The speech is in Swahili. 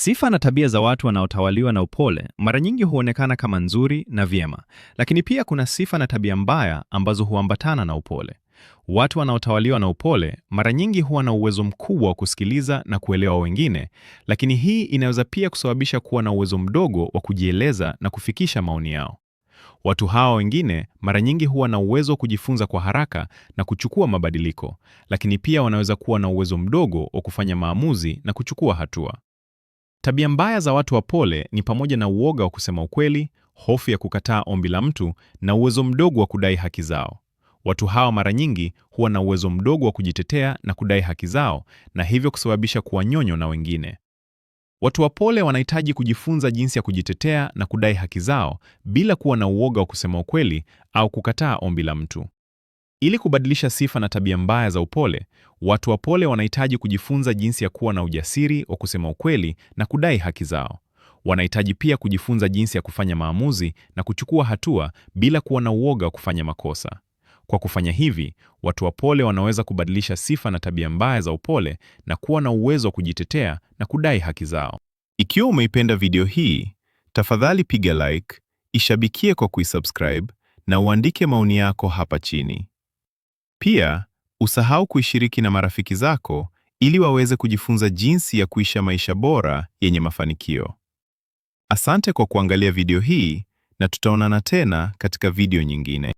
Sifa na tabia za watu wanaotawaliwa na upole mara nyingi huonekana kama nzuri na vyema, lakini pia kuna sifa na tabia mbaya ambazo huambatana na upole. Watu wanaotawaliwa na upole mara nyingi huwa na uwezo mkubwa wa kusikiliza na kuelewa wengine, lakini hii inaweza pia kusababisha kuwa na uwezo mdogo wa kujieleza na kufikisha maoni yao. Watu hawa wengine mara nyingi huwa na uwezo wa kujifunza kwa haraka na kuchukua mabadiliko, lakini pia wanaweza kuwa na uwezo mdogo wa kufanya maamuzi na kuchukua hatua. Tabia mbaya za watu wapole ni pamoja na uoga wa kusema ukweli, hofu ya kukataa ombi la mtu na uwezo mdogo wa kudai haki zao. Watu hawa mara nyingi huwa na uwezo mdogo wa kujitetea na kudai haki zao, na hivyo kusababisha kuwa nyonyo na wengine. Watu wapole wanahitaji kujifunza jinsi ya kujitetea na kudai haki zao bila kuwa na uoga wa kusema ukweli au kukataa ombi la mtu. Ili kubadilisha sifa na tabia mbaya za upole, watu wapole wanahitaji kujifunza jinsi ya kuwa na ujasiri wa kusema ukweli na kudai haki zao. Wanahitaji pia kujifunza jinsi ya kufanya maamuzi na kuchukua hatua bila kuwa na uoga wa kufanya makosa. Kwa kufanya hivi, watu wapole wanaweza kubadilisha sifa na tabia mbaya za upole na kuwa na uwezo wa kujitetea na kudai haki zao. Ikiwa umeipenda video hii, tafadhali piga like, ishabikie kwa kuisubscribe na uandike maoni yako hapa chini. Pia usahau kuishiriki na marafiki zako ili waweze kujifunza jinsi ya kuisha maisha bora yenye mafanikio. Asante kwa kuangalia video hii na tutaonana tena katika video nyingine.